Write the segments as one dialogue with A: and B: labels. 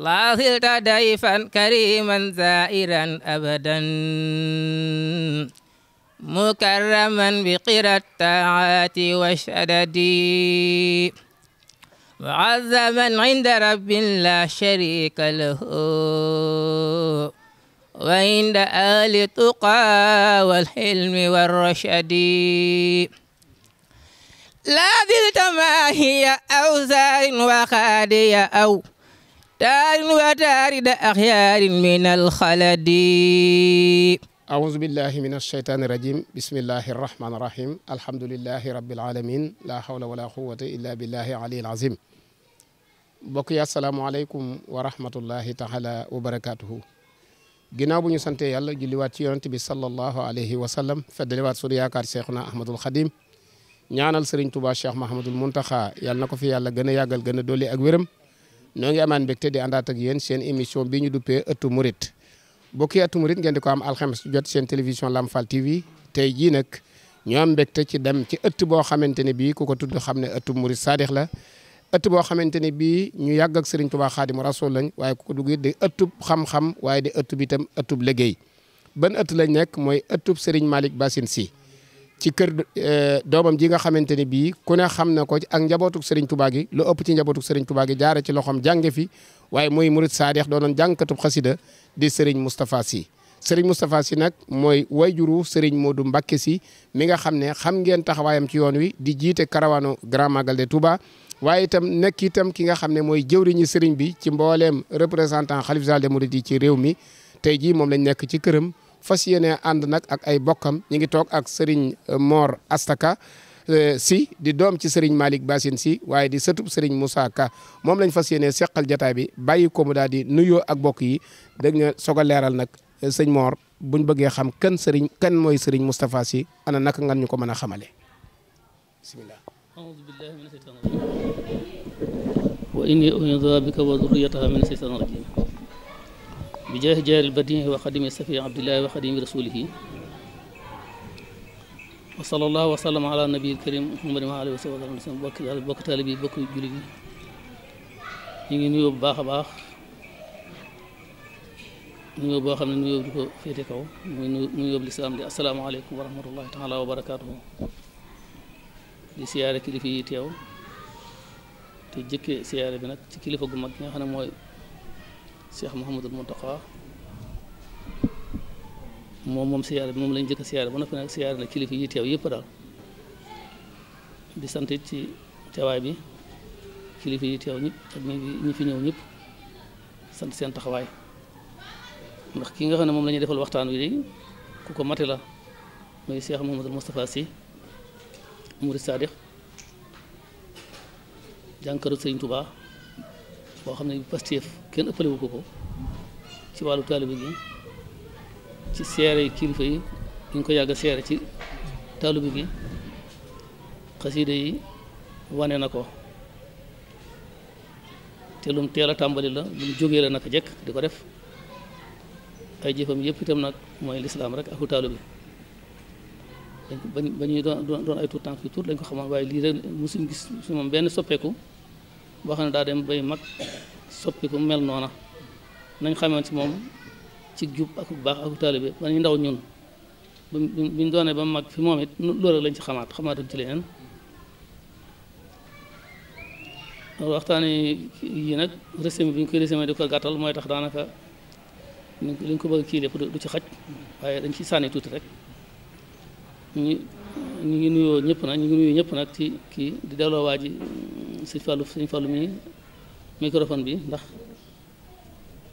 A: laa xilta dayfan kariman zairan abadan mukarraman bi qirat taati wa shadadi muazzaman inda rabbin la sharika lahu wa inda ahli tuqa wal hilmi war rashadi laa dilta ma hiya aw zarin wa xaadiya aw تار وتارد أخيار من الخلد أعوذ بالله من الشيطان الرجيم بسم الله الرحمن الرحيم
B: الحمد لله رب العالمين لا حول ولا قوة إلا بالله العلي العظيم mbokk yi asalaamaaleykum wa rahmatullahi taala wa barakaatuhu ginnaaw bu ñu sante yàlla julliwaat ci yonent bi sallallahu alayhi wa sallam feddaliwaat sunu yaakaar cheikhuna ahmadul xadim ñaanal sëriñ tuba cheikh mahamadul muntaxa yàlla na ko fi yàlla gën a yàggal gën a dolli ak wéram ñoo ngi amaan mbégte di àndaat ak yéen seen émission bi ñu duppee ëttu murit bokki ëttu murit ngeen di ko am alxames jot seen télévision Lamfal TV tey jii nag ñoo am mbégte ci dem ci ëtt boo xamante ne bii ku ko tudd xam ne ëttu murit saadix la ëtt boo xamante ne bii ñu yàgg ak Serigne Touba Xaadimu Rasuul lañ waaye ku ko dugg de di ëttub xam-xam waaye di ëttub itam ëttub liggéey ban ëtt lañ nekk mooy ëttub Serigne Malick Bassine Sy ci kër eh, doomam ji nga xamante ne bii ku ne xam na ko ak njabootuk Serigne Touba gi lu ëpp ci njabootuk Serigne Touba gi jaare ci loxoom jànge fi waaye mooy murid saadeex doonoon jànkatub xasida di Serigne Moustapha Sy Serigne Moustapha Sy nag mooy wayjuru Serigne Modou Mbacké Sy mi nga xam ne xam ngeen taxawaayam ci yoon wi di jiite karawaanu Grand Magal de Touba waaye itam nekk itam ki nga xam ne mooy jëwriñu Serigne bi ci mbooleem représentant xalif général des mourides yi ci réew mi tey jii moom lañ nekk ci këram fas yéene ànd nag ak ay bokkam ñi ngi toog ak Serigne euh, Mor Astaka euh, si di doom ci sëriñ Malick Bassine si waaye di sëtub Serigne musa Ka moom lañ fas yéene seqal jataay bi bàyyi ko mu daal di nuyoo ak bokk yi dégg nga soog a leeral nag euh, sëñ Mor buñ bëggee xam kan sëriñ kan mooy sëriñ Moustapha si ana naka ngan ñu ko mën a xamale
C: bi jaahi jaaril badii wa xadimi safi abdillahi wa xadimi rasulihi wa sallallahu wa sallam ala nabiil karim muhammadin wa alihi wa sahbihi bokki daal bokki taali bi bokki ngi nuyoo bu baax a baax nuyoo boo xam ne ko féete kaw muy nuyoo bu lislaam di asalaamaaleykum wa rahmatullahi taala wa barakaatuhu di siyaare kilifa teew te jëkke siyaare bi nag ci kilifa gu mag gi nga xam ne mooy Cheikh Mouhamadul Mountakha moom moom siyaare bi moom lañ njëkk a siyaare ba noppi nag siyaare la kilifa yi teew yëpp daal di sant ci teewaay bi kilifa yi teew ñëpp ak ñi fi ñëw ñëpp sant seen taxawaay ndax ki nga xam ne moom lañuy defal waxtaan wi léegi ku ko mate la muy seex Mouhamadul Moustapha Sy Mourid Sadiq jànkaru Sëriñ Touba. boo xam ne Pastef kenn ëppale ko ko ci wàllu taalibe gi ci seere kilifa yi ñu ngi ko yàgg seere ci taalibe gi xasiida yi wane na ko te lum teel a tàmbali la lum jógee la naka jekk di ko def ay jëfam yëpp itam nag mooy lislaam rek aku taalibe bi dañ ba ñuy doon doon ay tuut tànk yu tuut lañ ko xamoon waaye lii rek musuñ gis su moom benn soppeeku boo xam ne daa dem bay mag soppi ku mel noona nañ xamoon ci moom ci jub ak bu baax ak taalibe ba ñu ndaw ñun bi ñu doonee ba mag fi moom it loolu lañ ci xamaat xamaatuñ ci leneen waxtaan yi nag résumé bi koy résumé di gàttal mooy tax daanaka ñu ko bëgg kii ci xaj waaye dañ ci sànni tuuti rek ñu ñu ngi nuyoo ñëpp nag ñu ngi nuyu ñëpp nag ci kii di delloo waa ji sëñ Fallou sëñ Fallou mi microphone bi ndax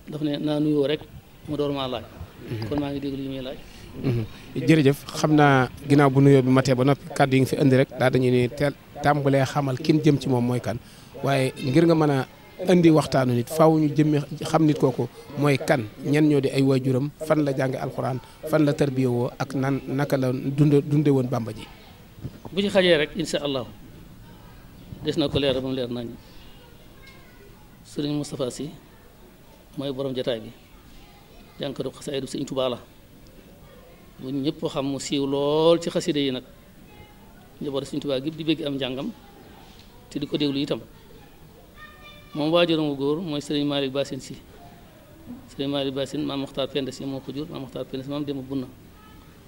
C: daf ne naa nuyoo rek mu door maa laaj. Mhm. ngi déglu li muy mhm. jërëjëf
B: xam naa ginnaaw bu nuyoo bi matee ba noppi kàddu yi nga fi indi rek daa dañu ne teel tàmbalee xamal kenn jëm ci moom mooy kan waaye ngir nga mën a indi waxtaanu nit faw ñu jëmmi xam nit kooku mooy kan ñen ñoo di ay waajuram fan la jànge alxuraan fan la tarbiyewoo ak nan naka la dund dunde woon bàmba ji.
C: bu ci xajee rek des na ko leer ba mu leer nañ sëriñ Moustapha Sy mooy borom jataay bi jànkatu xasida du sëriñ Tuubaa la bu ñëpp xam mu siiw lool ci xasida yi nag njaboot sëriñ Tuubaa gépp di bégg am njàngam te di ko déglu itam moom waajuram wu góor mooy sëriñ Malick Bassine Sy sëriñ Malick Bassine maam Moxtaar Penda Sy moo ko jur maam Moxtaar Penda Sy maam Demba Bunna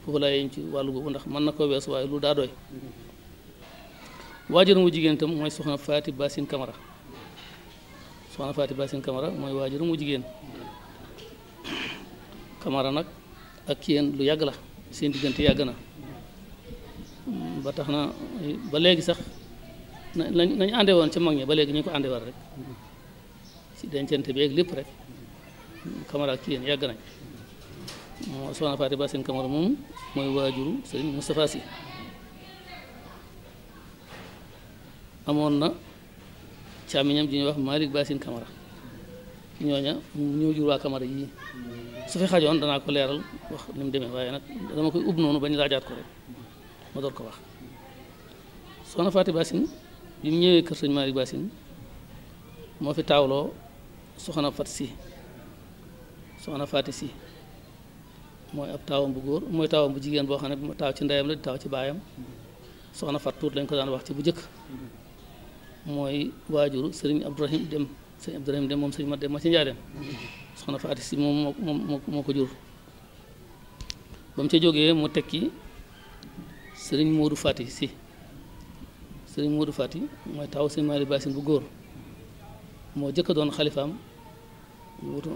C: foofu laa yéen ci wàllu boobu ndax mën na koo weesu waaye lu daa doy waajuram wu jigéen itam mooy soxna Faati Basin Camara soxna Faati Basin Camara mooy waajuram wu jigéen Camara nag ak yéen lu yàgg la seen diggante yàgg na ba tax na ba léegi sax nañ nañ ànde woon ca mag ñi ba léegi ñu ko ànde war rek ci dencante bi ak lépp rek Camara ak yéen yàgg nañ moo soxna Faati Basin Camara moom mooy waajuru Sëriñ Moustapha Sy amoon na càmmiñam ji ñuy wax Malick Bassine Camara ñooña ñoo jur waa Camara yii su fi xajoon danaa ko leeral wax ni demee waaye nag dama koy ub noonu bañ rajaat ko rek ma door ko wax soxna Faati Bassine bi mu ñëwee kër sëñ Malick Bassine moo fi taawloo soxana Fat si soxna Faati si mooy ab taawam bu góor mooy taawam bu jigéen boo xam ne taaw ci ndeyam la di taaw ci baayam soxna Fat tuut lañ ko daan wax ci bu njëkk mooy waajuru sëriñ Abdourahim Dem sëriñ Abdourahim Dem moom sëriñ Mat Dem ma ci njaareem soxna Faati si moom moo moo ko jur ba mu ca jógee mu tekki sëriñ Moodu Faati si sëriñ Moodu Faati mooy taw sëriñ Maali Baasin bu góor moo jëkk doon xalifaam wutu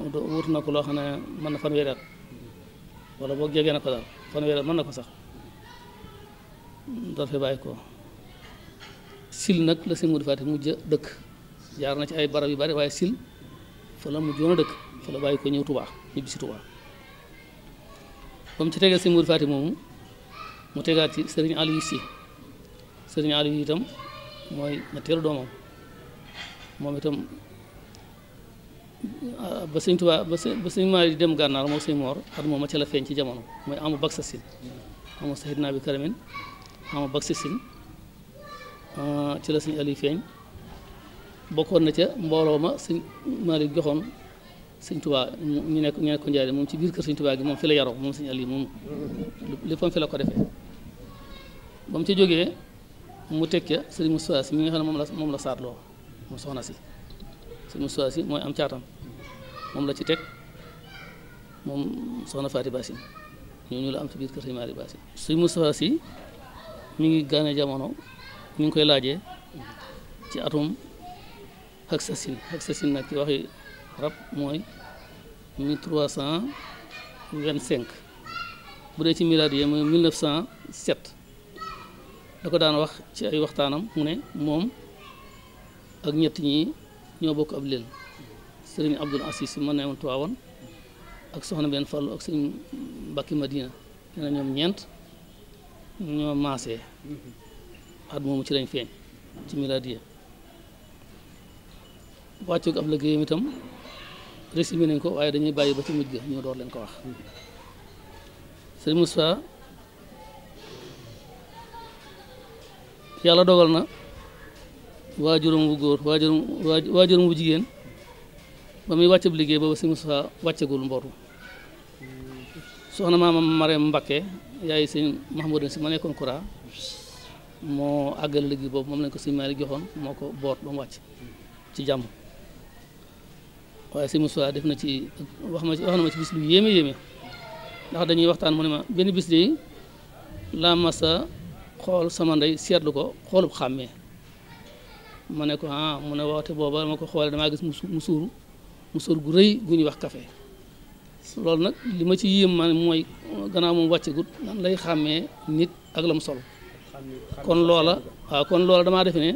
C: na ko loo xam ne mën na fanweeri at wala boog jege na ko daal fanweeri at mën na ko sax doo fee bàyyi ko sil nag la sëñ Modou Fatick mujj dëkk jaar na ci ay barab yu bari waaye sil fa la mujjoon a dëkk fa la bàyyi ko ñëw Touba ñibbi si Touba ba ci tegal sëñ Modou Fatick moomu mu tegaat ci sëriñ Aliou si sëriñ Aliou itam mooy ñetteelu doomam moom itam ah, ba sëñ Touba ba sëñ ba maa di dem gànnaar moom sëñ Mor at moom ma ca la feeñ ci jamono mooy amu bag sa sil amu sahid naa bi karamin amu bag sa sil Ah, ci la sëñ Aliou feeñ bokkoon na ca mbooloo ma sëñ Malick joxoon sëñ Touba ñu nekk ñu nekk njaari moom ci biir kër sëñ Touba gi moom fi la yaroo moom sëñ Aliou moom léppam la ko defee ba mu ca jógee mu tekke sëriñ Moustapha si mi nga xam ne moom la moom la saatloo mu soxna si sëriñ Moustapha si mooy am caatam moom la ci teg moom soxna Faati Basin ñoo ñu la am ci biir kër sëñ Malick Basin sëriñ Moustapha si mu ngi gaane jamono ñu ngi koy laajee ci atum hexasine hexasine nag ci waxi rab mooy mille trois cent vingt-cinq bu dee ci milaad yi mooy mille neuf cent sept da ko daan wax ci ay waxtaanam mu ne moom ak ñett ñi ñoo bokk ab lël sëriñ Abdul Asis ma ne woon tuwaawoon ak soxna benn fàllu ak sëriñ Mbàkki Madina nee ñeent ñoo maasee at moomu ci lañ feeñ ci milaadiya wàccoog ab liggéeyam itam résumé nañ ko waaye dañuy bàyyi ba ci mujj ga door leen ko wax sëñ Moussa yàlla dogal na waajuram wu góor waajuram waajuram wu jigéen ba muy wàcc bu liggéey booba sëñ Moussa wàccegul mbootu soxna maama Marème Mbacké yaay sëñ Mahmoudou si ma nekkoon Kura moo àggal liggéey boobu moom lañ ko sëñ Malick joxoon moo ko boot ba mu wàcc ci jàmm waaye sëñ Moussa def na ci wax ma wax na ma ci bis lu yéeme yéeme ndax dañuy waxtaan mu ne ma benn bis de laa masa xool sama ndey seetlu ko xoolub xàmmee ma ne ko ah mu ne woote booba ma ko xoolee damaa gis mu suuru mu suur gu rëy gu ñuy wax café loolu nag li ma ci yéem man mooy gannaaw moom wàccegut nan lay xàmmee nit ak la mu sol kon loola waaw kon loola damaa defe ne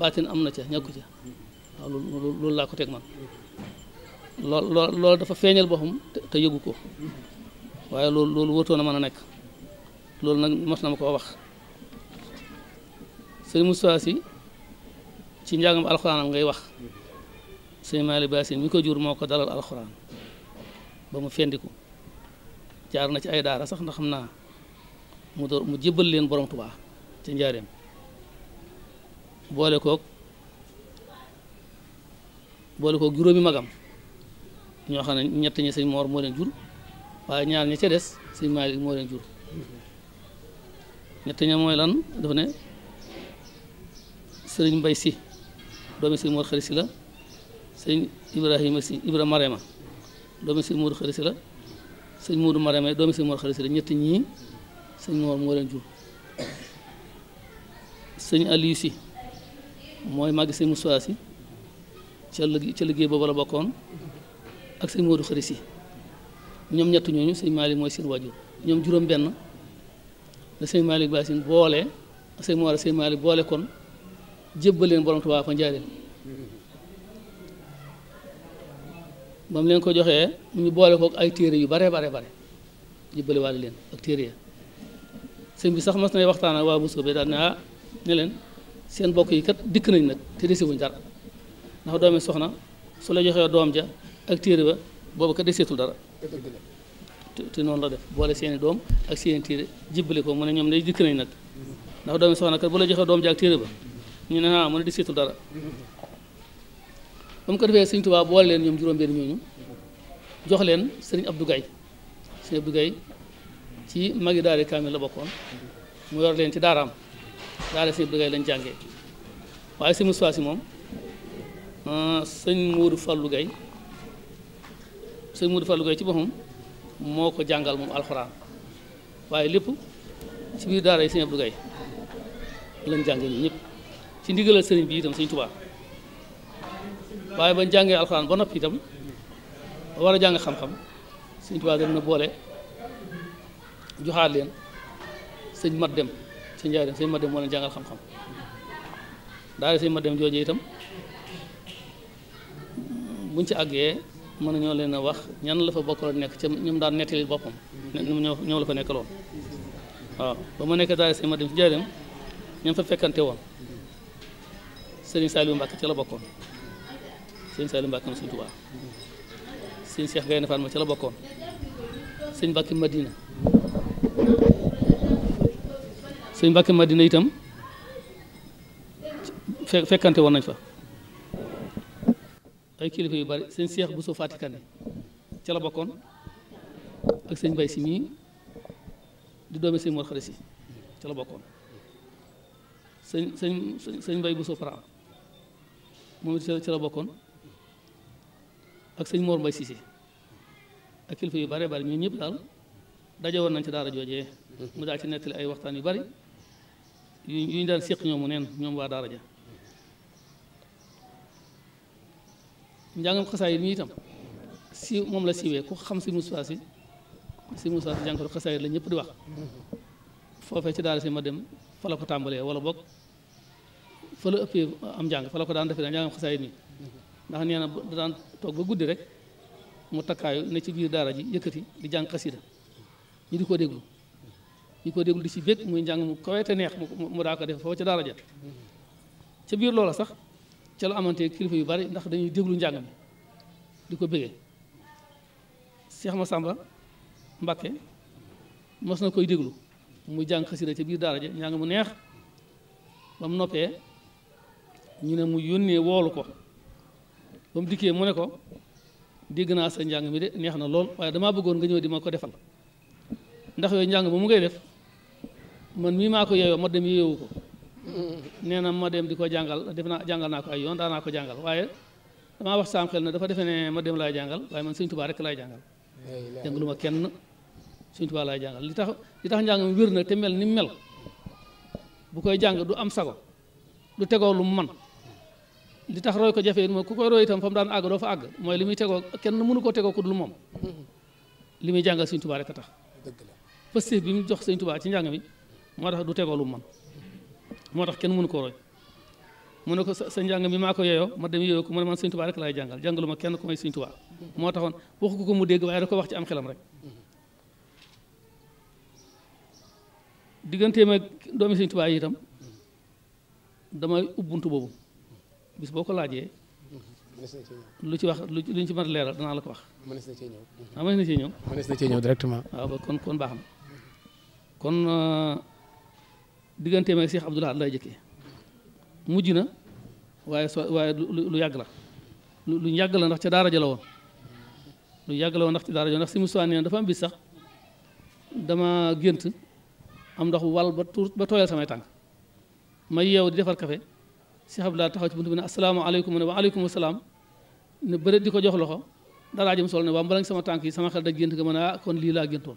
C: baatin am na ca ñàkku ca waaw loolu loolu laa ko teg man lool lool loolu dafa feeñal boppam te yëgu ko waaye loolu loolu wërtoon a mën nekk loolu nag mos na ma ko wax sëñ Moustapha Sy ci njàngam alxuraanam ngay wax sëñ Malick Bassine mi ko jur moo ko dalal alxuraan ba mu fendiku jaar na ci ay daara sax ndax xam naa mu door mu jébbal leen borom tubaa ci njaareem boole koog boole koog juróomi magam ñoo xam ne ñett ñi sëñ Moor moo leen jur waaye ñaar ñi ca des sëñ Maalik moo leen jur ñett ña lan dafa ne sëriñ Mbay Si doomi sëñ Moor Xari Si la sëñ Ibrahima Si Ibra Marema doomi sëñ Moor Xari Si la sëñ Moodu Marema doomi sëñ Moor Xari Si ñett ñii sëñ Moor moo leen jur sëñ Aliou si mooy màggi sëñ Moussa si ca liggéey liggéey boobu la bokkoon ak sëñ Modou Xari si ñoom ñett ñooñu sëñ Malick mooy seen wajur ñoom juróom-benn la sëñ Malick Bassine boole sëñ sëñ Malick boole kon jébbaleen borom Tuubaa fa njaareem ba ko joxee ñu boole ko ay téere yu bare bare bare jébbale waale leen ak téere ya bi sax mas nay waxtaan ak waa Bousso bi daal ne ah, ne leen seen bokk yi kat dikk nañ nag te desewuñ dara ndax doomi soxna su la joxee doom ja ak téere ba boobu kat deseetul dara te noonu la def boole seeni doom ak seeni téere jibbale ko mu ne ñoom day dikk nañ nag ndax doomi soxna kat bu la joxee doom ja ak téere ba ñu ne ah mu ne deseetul dara ba mu ko defee Sëriñ Tuubaa boole leen ñoom juróom-benn ñooñu jox leen Sëriñ Abdou Gaye Sëriñ Abdou Gaye ci magi yi kaamil la bokkoon mu yor leen ci daaraam daara sëñ Abdou Gaye lañ jàngee waaye si Moustapha si moom ah, sëñ Modou Fallou Gaye sëñ ci boppam moo ko jàngal moom alxuraan waaye lépp ci biir daara yi sëñ Abdou lañ jàngee ñun ñëpp ci ndigalal sëriñ bi itam sëñ Tuubaa waaye bañ jàngee alxuraan ba noppi itam war a jàng xam-xam sëñ Tuubaa dem na boole joxaat leen sëñ mat dem ci njaay dem sëñ ma dem moo leen jàngal xam-xam daal sëñ ma dem jooju itam buñ ci àggee mën nañoo leen a wax ñan la fa bokkaloon nekk ci ñoom daan nettali boppam ñoom la fa nekkaloon waaw ba ma nekk daal sëñ ma dem si njaay dem ñoom fa fekkante woon sëriñ Saliou Mbacke ca la bokkoon sëriñ Saliou Mbacke ma sëñ ca la bokkoon sëñ Mbacke Madina sëñ ma Madina itam fe fekkante woon nañ fa ay kilifa yu bari sëñ Seex Buso Fatikane ca la bokkoon ak sëñ Mbay si mii di doomi sëñ si ca la sëñ sëñ sëñ Mbay Buso Fara moom it ca la bokkoon ak sëñ Mor Mbay Sise ak kilifa yu bare bari ñun ñëpp daal daje woon nañ ci daara joojee mu daal ci nettali ay waxtaan yu bari yu ñu daan séq ñoomu neen ñoom waa daara ja njàngam xasaay yi itam si moom la siwee ku xam si Moussa si si Moussa si jànkatu xasaay la ñëpp di wax foofee ci daara si ma dem fa la ko tàmbalee wala boog fa la ëppee am njàng fa la ko daan defee daa njàngam xasaay mi ndax nee na da daan toog ba guddi rek mu takkaayu ne ci biir daara ji yëkkati di jàng xasida ñu di ko déglu ñu ko déglu di ci bég muy njàng mu kawe neex mu daa ko def foofu ca daara ca biir loola sax ca la amante kilifa yu bari ndax dañuy déglu njàng mi di ko bégee ma Massamba Mbacké mos na koy déglu mu jàng xasida ca biir daara njàng mu neex ba mu noppee ñu ne mu yónnee woolu ko ba mu dikkee mu ne ko dégg naa sa njàng mi de neex na lool waaye damaa bëggoon nga ñëw di ma ko defal ndax yooyu njàng ba mu ngay def man mii maa ko yeyoo ma dem yeewu ko nee na ma dem di ko jàngal def naa jàngal naa ko yoon daa naa ko jàngal waaye damaa wax saam dafa defee ne ma dem laay jàngal waaye man sëñ tubaa rek laay jàngal jàngalu ma kenn li tax li tax njàng mi wér na te mel ni mel bu koy jàng du am sago du tegoo lu man li tax roy ko jafe moom ku koy roy itam fa mu daan àgg doo fa àgg mooy li muy tegoo kenn mënu koo tegoo ku dul moom li muy jàngal sëñ tubaa rek a tax dëgg bi mu jox sëñ tubaa ci njàng mi moo tax du tegoolu man moo tax kenn mënu koo roy mu ne ko sa njàng mi maa ko yeyoo ma dem yeyoo ko mu ne man Sëñ rek laay jàngal jàngalu ma kenn koo may Sëñ moo taxoon waxu ko ko mu dégg waaye da ko wax ci am xelam rek digganteem ak doomi damay ubbuntu boobu bis boo ko laajee lu ci wax lu luñ ci mën a leeral danaa la ko wax.
B: mënees na cee ñëw. ah ñëw. directement.
C: waaw ah, kon kon baax na kon. Euh, digganteem ak Cheikh Abdoul Ahad lay jëkkee mujj na waaye so waaye lu yàgg la lu yàgg la ndax ca daara ja la woon lu yàgg la woon ndax ca daara ja ndax si Moussa nee dafa am bis sax dama gént am ndox wal ba tuur ba tooyal samay tànk ma yeew di defar café Cheikh Abdoul Ahad taxaw ci buntu bi ne asalaamaaleykum ne wa aleykum salaam ne bëri di ko jox loxo daraa jëm sol ne waa mbalañ sama tànk yi sama xel da gént nga mën a ah, kon lii laa géntoon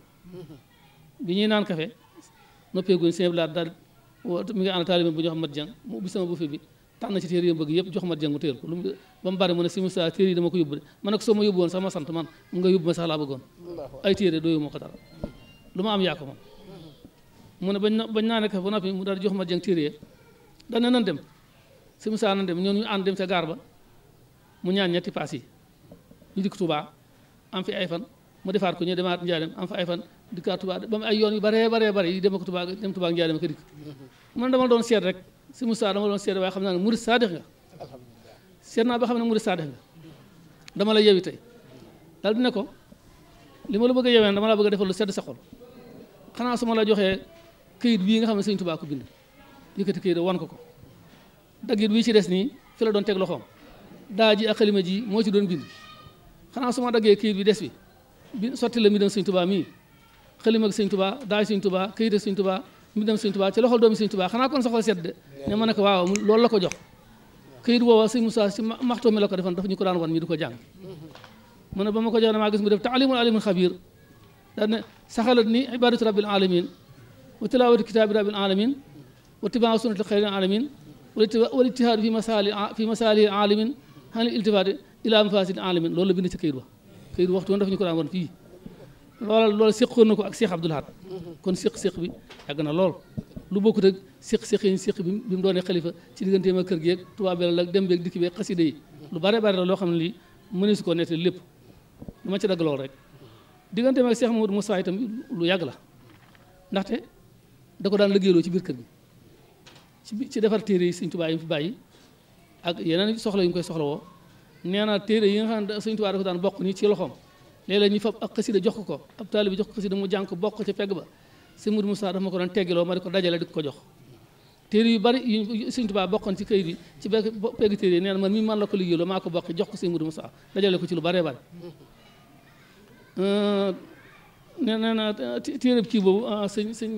C: woo mi ngi ànd taalibe bu ñu wax mat jàng mu ubbi sama bufe bi tànn ci téere yi bëgg yëpp jox mat jàng mu téer ko lu ba ma yóbbu woon ma sant ne bañ naa nekk ba noppi mu daal jox mat jàng téere yi dañ ne nan dem si musa nan dem ñoom ñu ànd dem ca gaar ba mu ñaan ñetti paas yi ñu dikk Tuubaa am fi ay fan mu defaat ko ñu demaat Njaaréem am fa ay fan dikkaat Touba ba mu ay yoon yu baree baree bare yi dem ak Touba dem Touba ak Njaaréem ak dikk man dama doon seet rek si Moussa dama doon seet waaye xam naa ne murid saadix nga xam ne murid saadix dama la yewi tey daal di ne ko li ma la bëgg a dama la bëgg a defal lu sedd sa xol xanaa su ma la joxee këyit bii nga xam ne sëñ Touba ko bind yëkkati këyit wan ko ko daggit wii ci des nii fi la doon teg loxoom daa ji ak xalima ji moo ci doon bind xanaa su ma daggee këyit bi des bi bi sotti la mi doon sëñ Touba xëlim ak sëñ tubaa daay sëñ tubaa këyit ak sëñ tubaa mu dem sëñ tubaa ci loxol doomi sëñ tubaa xanaa kon soxol sedd ne ma ne ko waaw loolu la ko jox këyit woowa sëñ Moussa si maxtoo mi la ko defoon daf ñu ko daan wan ñu di ko jàng mu ne ba ma ko jox damaa gis mu def taalimul alimul xabir daa ni ibadatu rabbil alamin wa tilawatu kitaabi rabbil alamin wa tibaa sunnati xayril alamin wal ijtihaadu fi masali fi masali alamin xanil iltifaati ila mafasid alamin loolu la loola loola séqoon na ko ak Cheikh Abdoul Ahad kon séq-séq bi yàgg na lool lu bokkut ak séq-séq yi séq bi bi mu doonee xalifa ci digganteem ak kër gi ak tubaab bi ak dem beeg dikk beeg xaside yi lu bare bare loo xam ne lii mënees koo nettali lépp ma ci dagg lool rek digganteem ak Cheikh Mamadou Moussa itam lu yàgg la ndaxte da ko daan liggéeyloo ci biir kër gi ci defar téere yi sëñ Tuubaa yi mu fi bàyyi ak yeneen soxla yu ñu koy soxla woo nee naa téere yi nga xam ne sëñ Tuubaa dafa daan bokk nii ci loxoom léeg-léeg ñu fab ak xasida jox ko ko ab taalibi jox ko xasida mu jàng ko bokk ca pegg ba si Mourou Moussa dafa ma ko doon teggiloo ma di ko dajale di ko jox téere yu bari yu Sëñ bokkoon ci këyit bi ci pegg yi nee na man mi man la ko liggéeyloo maa ko bokk jox ko si Mourou Moussa dajale ko ci lu baree bari nee na téereb kii boobu ah, sëñ sëñ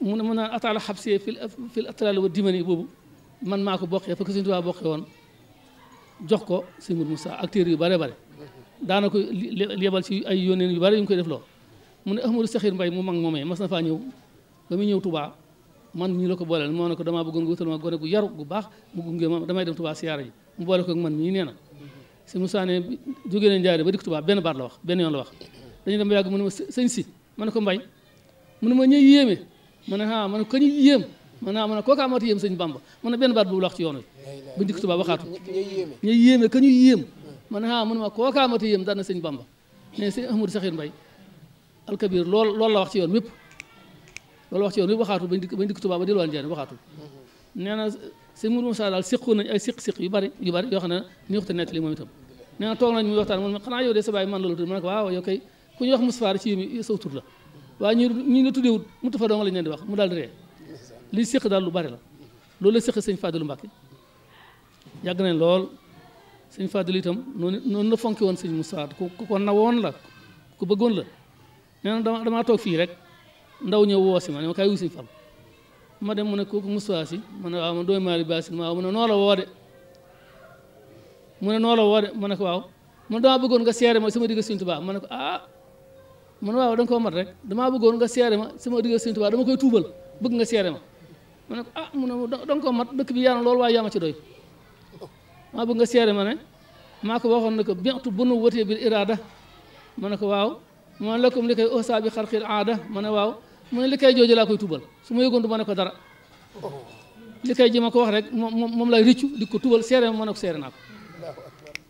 C: mu ne mu naan ataala xabsee fil fil atlal wa dimani boobu man maa ko bokkee fa ko Sëñ Tuubaa bokkee woon jox ko sëñ Mourou Moussa acteurs yu bare bare daana ko yebal ci ay yónneen yu bare yu ñu koy def loo mun ne Ahmadou Sakhir Mbaye mu mag moomee mas na faa ñëw ba muy ñëw tubaa man ñu la ko booleel moo ne ko damaa bëggoon nga wutal ma gone gu yaru baax mu gunge ma damay dem Touba mu boole ko ak man mii nee na sëñ Moussa ne jógee nañ jaare ba dikk Touba benn baat la wax benn yoon la wax dañu dem ba yàgg mu ma sëñ si ma ne ko Mbaye mu ne ma ñëy yéeme ma ne ah ma ne ko ñu yéem ma ne ah ma ne kooka amati yéem sëñ Bamba ma benn baat boobu la wax ci yoon bu njëkk tubaab waxaatu ñuy yéeme ka ñuy yéem man a mun ma kookaa mata yéem daan na sëñ Bamba ne sëñ Ahmadou Saxiir Mbay alkabir lool loolu la wax ci yoon wépp loolu wax bañ dikk bañ ba delluwaan njëriñ waxaatu nee na sëñ Mourou Moussa daal siqu nañ ay siq-siq yu bari yu bari yoo xam ne neexute nett li moom itam nee na toog nañ muy waxtaan mun xanaa yow de sa baay man loolu tudd ma ne ko waaw yow kay ku ñuy wax Moustapha la waaye ñu ñu la tuddewut mu tafa doonga lañ li siq daal lu bari la loolu la siq sëñ Fadilu Mbàkke yàgg lool sëñ Fadil itam noonu noonu la fonki woon sëñ Moussa ku ko na woon la ku bëggoon la nee dama damaa toog fii rek ndaw ñëw woo si ma ne ma kaay wuyu sëñ ma dem mu ne kooku Moussa si ma ne waaw man dooy Maali ma waaw noo la woo ne noo la woo ma ne ko waaw mu ne damaa bëggoon nga seere ma sama digg sëñ Tuubaa ma ne ko ah mu ne waaw koo mat rek damaa bëggoon nga seere ma sama digg sëñ Tuubaa dama koy tuubal bëgg nga seere ma ma ne ko a ah, mu ne da nga koo mat dëkk bi lool na loolu waaye ci doy maa bëgg nga seere ma ne maa ko waxoon na ko bientu bunu watee bi iraada ma ne ko waaw ma ne lakum li koy osa bi xarqil aada ma ne waaw mu ne li kay jooju laa koy tubal su ma yëgoon du ma ne ko dara li koy ji ma ko wax rek moom moom lay riccu di ko tubal seere ma ne ko seere naa ko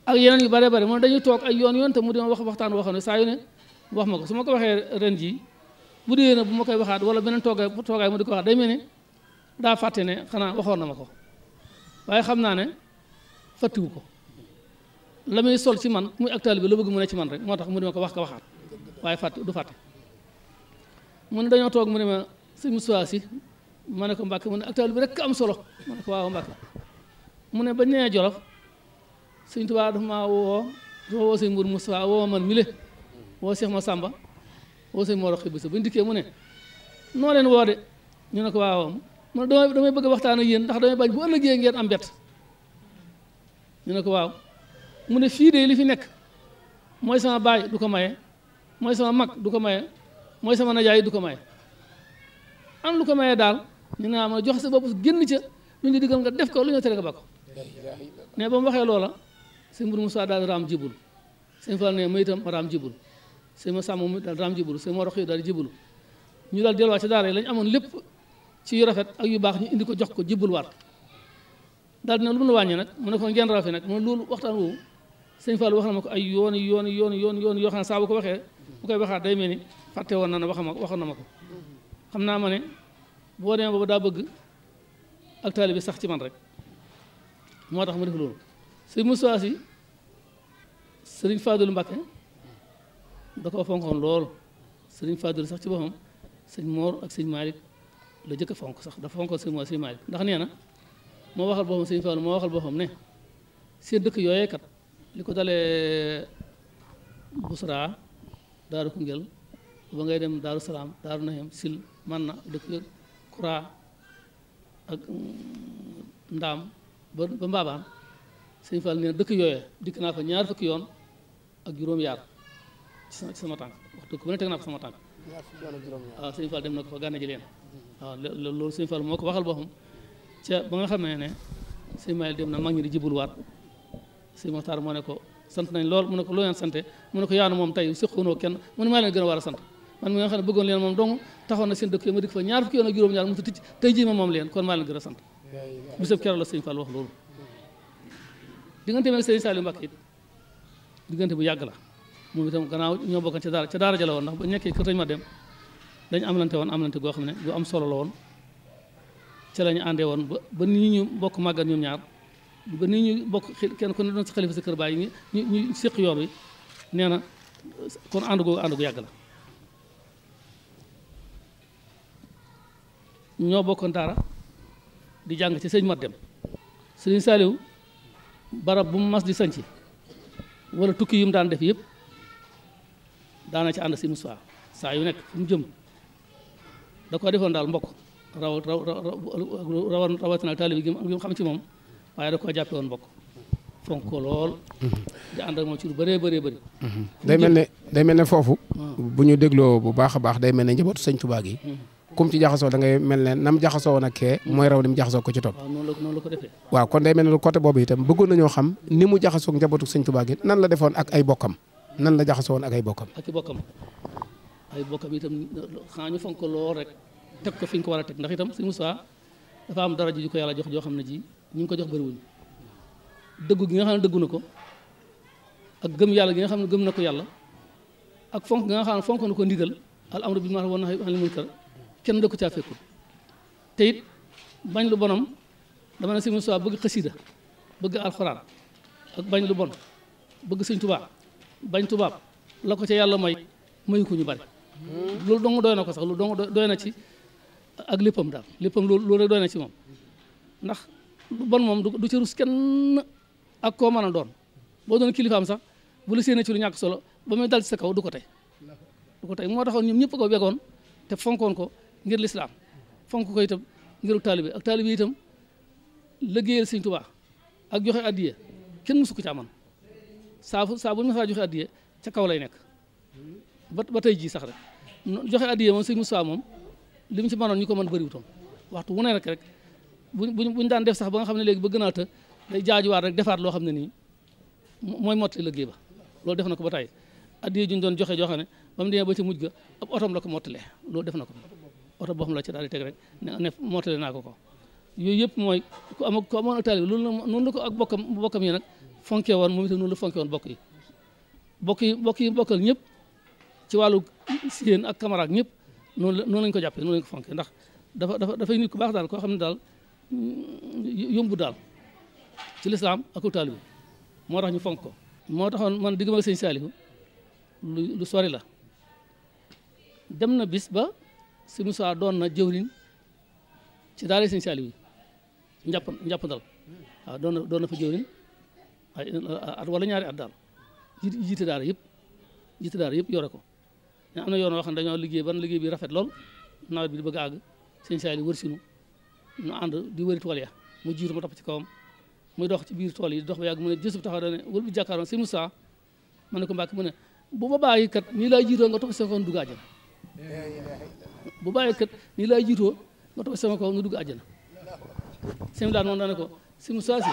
C: ak yeneen yu bare bare mu ne dañuy toog ay yoon yoon te mu di ma wax waxtaan waxoon ne saa yu ne wax ma ko su ma ko waxee ren jii bu dee ne bu ma koy waxaat wala beneen toogaay toogaay mu di ko wax day mel ne daa fàtte ne xanaa waxoon na ko fàttiwu ko la muy sol ci man muy ak taalibe la bëgg mu ne ci man rek moo tax mu ne ko wax ko waxaat waaye fàtte du fàtte mu ne dañoo toog mu ne ma sëñ si ma ne ko Mbàkke mu ne ak rek am solo ma ne ne ba ñëwee Jolof sëñ Tuubaa dafa maa woo dafa woo sëñ Mbour Moussa woo man mile woo Cheikh Massamba woo sëñ Mor Xibisa bu ñu dikkee mu ne noo woo de ñu ne ko waaw mu ne damay bëgg waxtaan ak yéen ndax damay bañ bu ëllëgee ngeen am bett ñu ne ko waaw mu ne fii de li fi nekk mooy sama baay du ko maye mooy sama mag du ko maye mooy sama najaay du ko maye am lu ko maye daal ñu ne ah, ma jox sa bopp génn ca lu ñu diggal nga def ko lu ñu tere nga ba ko ne ba mu waxee loola sëñ Mbour Moussa daal raam jibul sëñ Fall ne ma itam raam jibul sëñ ma sàmm mu daal raam jibul sëñ ma rox yi daal jibul ñu daal delluwaat sa daara yi lañ amoon lépp ci yu rafet ak yu baax ñu indi ko jox ko jibul daal dina lu mun a wàññi nag mu ne ko ngeen raw fi nag mu ne loolu waxtaan woowu sëñ Fallou wax na ma ko ay yoon yoon yoon yoon yoon yoo xam ne saa bu ko waxee bu koy waxaat day mel ni fàtte woon na ne waxama waxoon na ma ko xam naa ma ne boo demee boobu daa bëgg ak taali bi sax ci man rek moo tax mu def loolu sëñ Moussa si sëriñ Fadul Mbacke da koo fonkoon lool sëriñ Fadul sax ci boppam sëñ Mor ak sëñ Malick la jëkk a fonk sax dafa fonkoon sëñ Mor sëñ Malick ndax nee na moo waxal boppam sëñ Fallou moo waxal boppam ne seen dëkk yooyee kat li ko dalee Busra Daaru Koungheul ba ngay dem Daaru Salaam Daaru Nahim Sil man na dëkk Kura ak mm, Ndaam ba ba Mbaabaan sëñ Fallou nee dëkk yooyee dikk naa ko ñaar fukki yoon ak juróom-yaar ci sama ci sama tànk wax dëgg bu ne teg naa ko sama tànk waaw sëñ dem na ko fa gànna ji loolu sëñ Fallou moo ko waxal boppam ca ba nga xamee ne sëñ Mael dem na mag ñi di jibulwaat sëñ Moxtaar moo ne ko sant nañ lool mu ko loo leen sante mu ko yaanu moom tey siqunoo kenn mu ne maa leen gën a war a sant man mi nga xam ne bëggoon leen moom dong na seen ma dikk fa ñaar fukki yoon ak juróom-ñaar mu tëcc tey jii ma moom leen kon maa leen gën a sant bisab keroog la sëñ Fall wax loolu diggante bi ak sëñ Saliou Mbacke bu yàgg la moom itam gannaaw ñoo bokkan ca daara ca daara ja la woon ndax ba nekkee kër tañ ma dem dañ amlante woon amlante goo xam ne bu am solo la woon ca la ñu àndee woon ba ba nii ñu bokk màggat ñoom ñaar ba nii ñu bokk kenn ku ne doon sa xalifa sa kër baay ñu ñu ñu wi nee na kon ànd googu ànd gu yàgg la ñoo bokkoon daara di jàng ci sëñ mat dem sëñ Saaliw barab bu mu mas di sanc wala tukki yu mu daan def yëpp daana ci ànd si Moussa saa yu nekk fu mu jëm da ko defoon daal mbokk raw raw rawan rawatina taalibi gi mu xam ci moom waaye da koo jàppe woon bokk fonk ko lool di ànd ak moom ci lu bëree bëree bëri day mel ne
B: day mel ne foofu ah. bu ñu dégloo bu baax a baax day mel ne njabootu sëñ Tuubaa yi hmm. kum ci jaxasoo da ngay mel ne nam jaxasoo woon ak kee hmm. mooy raw ni mu jaxasoo ko ci topp waaw kon day mel ne côté boobu itam bëggoon nañoo xam ni mu jaxasoo njabootu sañ Tuubaa gi nan la defoon ak ay bokkam nan la jaxasoo woon ak ay bokkam
C: ak i bokkam ay bokkam itam teg ko fi ñu war a teg ndax itam sëñ Moussa dafa am dara ji ko yàlla jox joo xam ne ji ñu ngi ko jox bëriwuñ dëggu gi nga xam ne dëggu na ko ak gëm yàlla gi nga xam ne gëm na ko yàlla ak fonk gi nga xam ne fonk na ko ndigal al bi ma ma'ruf wan nahyi anil kenn da ko caa fekkul te bañ lu bonam dama ne sëñ Moussa bëgg xasida bëgg alxuraan ak bañ lu bon bëgg sëñ tubaab bañ tubaab la ko ca yàlla may mayu ko ñu bari hmm. loolu dong doy na ko sax loolu dong ak léppam daal léppam loolu loolu rek doy na ci moom ndax bon moom du ci rus kenn ak koo mën a doon boo doon kilifaam sax bu la séenee ci lu ñàkk solo ba muy dal ci sa kaw du ko tey du ko tey moo taxoon ñoom ñëpp ko begoon te fonkoon ko ngir lislaam fonk ko itam ngir taalibe ak taalibe itam liggéeyal Sëñ Tuubaa ak joxe addiya kenn musu ko ci amoon saa saa bu ñu saa joxe addiya ca kaw lay nekk ba ba tey jii sax rek joxe addiya moom Sëñ Musaa moom li mu ci mënoon ñu ko mën bëriwutoon waxtu wu ne rek rek bu buñ daan def sax ba nga xam ne léegi bëgg naa të day jaajuwaat rek defaat loo xam ne nii mooy mottali liggéey ba loolu def na ko ba tey addiye juñ doon joxe joxe ne ba mu demee ba ci mujj ga ab otom la ko mottalee na ko oto boo xam la rek ne naa ko ko yooyu yëpp mooy ku am ku amoon ak taalibe loolu noonu la ko ak bokkam yi nag fonkee woon moom itam noonu la fonkee woon bokk yi bokk yi bokk yi bokkal ñëpp ci wàllu seen ak camarade ñëpp noonu la noonu lañ ko jàppee noonu lañ ko fonkee ndax dafa dafa dafay nit ku baax daal koo xam ne daal mm, yombu daal ci lislaam ak taalibe moo tax ñu fonk ko moo taxoon man digg ma ak sëñ Saalihu lu lu sori la dem na bis ba si Moussa doon na jëwriñ ci daara sëñ Saalihu njàpp njàppandal waaw doon na doon na fa jëwriñ ay at wala ñaari at daal jiite daara yëpp jiite daara yëpp yore ko am na yoon yoo xam ne dañoo liggéey ban liggéey bi rafet lool nawet bi ba bëgg a àgg sëñ Saaliw wër nu ànd di wëri tool mu jiitu ma topp ci kawam muy dox ci biir tool yi dox ba yàgg mu ne jësub taxaw dane wël bu jàkkaaroon sëñ Moussa ma ne ko Mbàkke mu ne bu ma bàyyi kat nii laay jiitoo nga topp sama kaw nu dugg àjjana bu bàyyi kat nii laay jiitoo nga topp kaw nu dugg àjjana sëñ daan moom dane ko sëñ sa si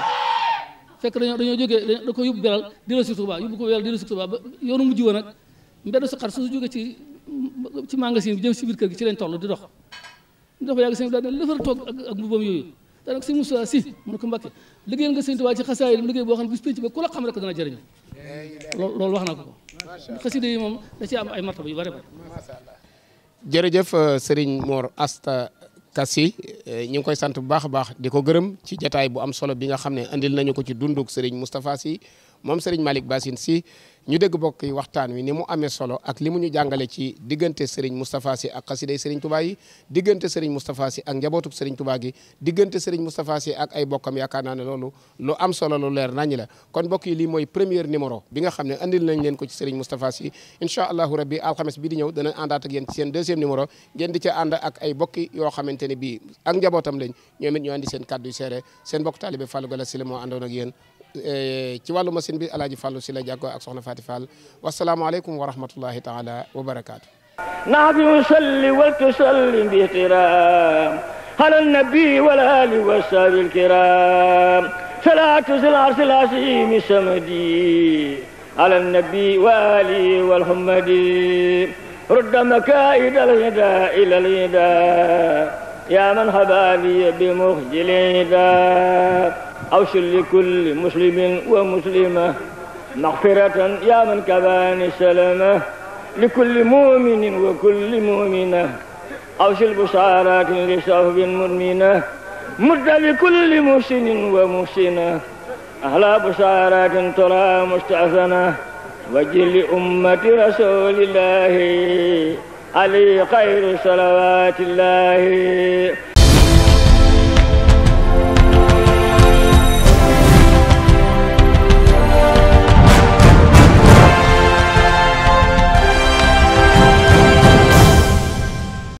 C: fekk dañoo dañoo jógee da ko yóbbu beral di la si Tuubaa yóbbu ko beral di la si Tuubaa ba yoonu mujj wa nag mbedu saqar su jóge ci ci magasin bi jëm si biir kër gi ci lañ toll di dox di dox ba yàgg sëñ bi daal ne lëfar toog ak mbubam yooyu daanaka sëñ Moussa si mu ne ko Mbàkke liggéeyal nga sëñ Tuubaa ci xasaay liggéey boo xam ne bis pénc ba ku la xam rek
B: loolu wax na ko
D: ko xasida yi
C: moom da ci am ay martaba yu bare bare
B: jërëjëf euh, Serigne Mor Asta Kassi euh, ñu ngi koy sant bu baax a baax di ko gërëm ci jataay bu am solo bi nga xam ne andil nañu ko ci dunduk Serigne Moustapha Sy moom Serigne Malick basin si ñu dégg bokk yi waxtaan wi ni mu amee solo ak li mu ñu jàngale ci diggante Serigne Moustapha Sy ak xasiday Serigne Touba yi diggante Serigne Moustapha Sy ak njabootuk Serigne Touba gi diggante Serigne Moustapha Sy ak ay bokkam yaakaar naa ne loolu lu am solo lu leer nañ la kon bokk yi lii mooy premier numéro bi nga xam ne andil nañ leen ko ci Serigne Moustapha Sy incha allahu rabbi alxames bi di ñëw danañ àndaat ak yéen ci seen deuxième numéro ngeen di ca ànd ak ay bokki yoo xamante ne bii ak njabootam lañ ñoom ñu andi seen kàddu yu seere seen bokk taalibe Fallou Galass Syll moo àndoon ak yéen Eh, ci wàllu machine bi alaaji Fallou si la jàkkoo ak soxna Faati Fall wasalaamualeykum wa rahmatullahi taala wa barakaatu nabi salli wal tusallim bi ihtiram ala nabi wal ali wa sahbi alkiram salatu
C: silar silasimi samadi ala nabi wa ali wal humadi رد مكائد الهدى إلى الهدى يا من هباني بمخجل هدى أوصل لكل مسلم ومسلمة مغفرة يا من كباني سلامة لكل مؤمن وكل مؤمنة أوصل بشارات لصحب مؤمنة مد لكل محسن ومحسنة أهلا بشارات ترى مستأذنة وجه لأمة رسول الله علي خير صلوات الله